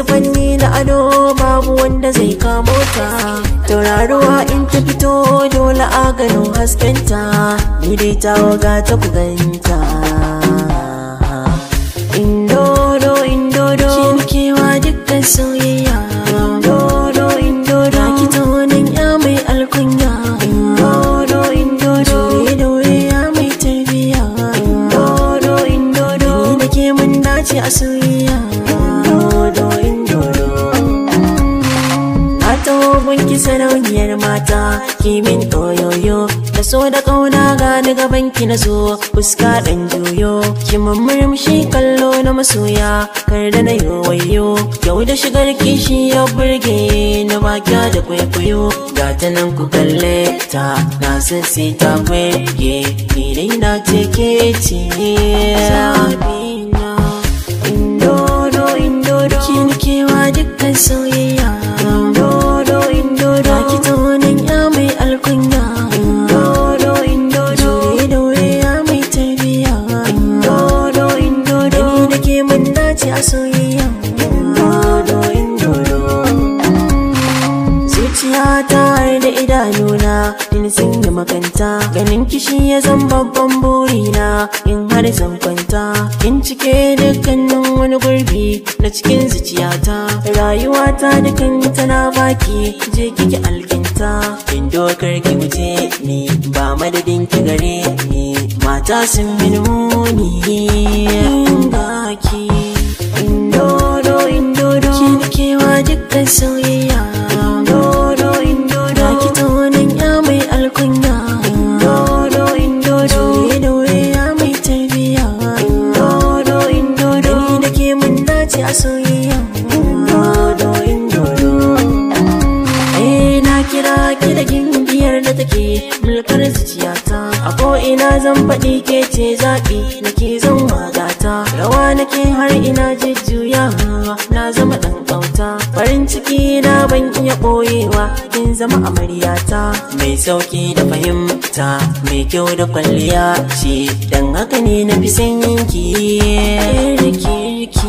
wasu fanni na ado babu wanda zai kamo ta tauraruwa in ta fito dole a haskenta ni dai ta waga ta kuganta indodo indodo kewa dukkan soyayya indodo indodo ki ta wani ya mai alkunya indodo indodo da dore ya mai tarbiya indodo indodo ni da ke mun dace a soyayya gunki sarauniyar mata kimin oyoyo da so da kauna ni gaban ki na so fuska dan juyo ki murmushi kallo na masoya kar da na yowayo yau da shigar kishi ya burge na baki da kwaikwayo ga ta nan ku kalle ta na sai ta kwaye ni dai na take ci Sabina kewa dukkan sauyi soyayya dodo in dodo zuciya ta har da idanuna in sun yi makanta ganin kishi ya zan babban burina in har zan kwanta in cike dukkanin wani gurbi na cikin zuciyata rayuwata dukan tana baki je kike alkinta in dokar ki wuce ni ba madadin ki gare ni mata sun mini muni baki kunya indo do indo do ya mai tarbiya indo do indo do da ke mun dace a soyayya indo do indo do eh na kira ki da gimbiyar da take mulkar zuciyata a ko ina zan faɗi ke ce zaɓi nake zan wagata rawa nake har ina jujjuyawa na zama ɗan ƙauta farin ciki na ban iya ɓoyewa kin zama amaryata mai sauki da fahimta mai kyau da kwalliya ce dan haka ne na fi sanyin ki riki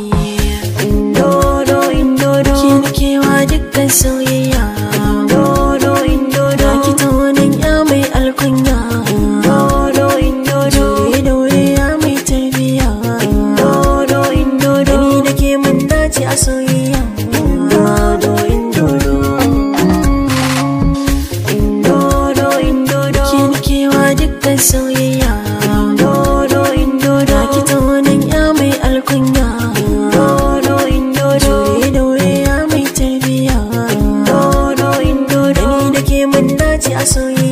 indodo indodo ki na kewa dukkan soyayya indodo indodo ki ta ya mai alkunya indodo indodo ki da ya mai tarbiyya. indodo indodo ni da ke mun a soyayya Ya soy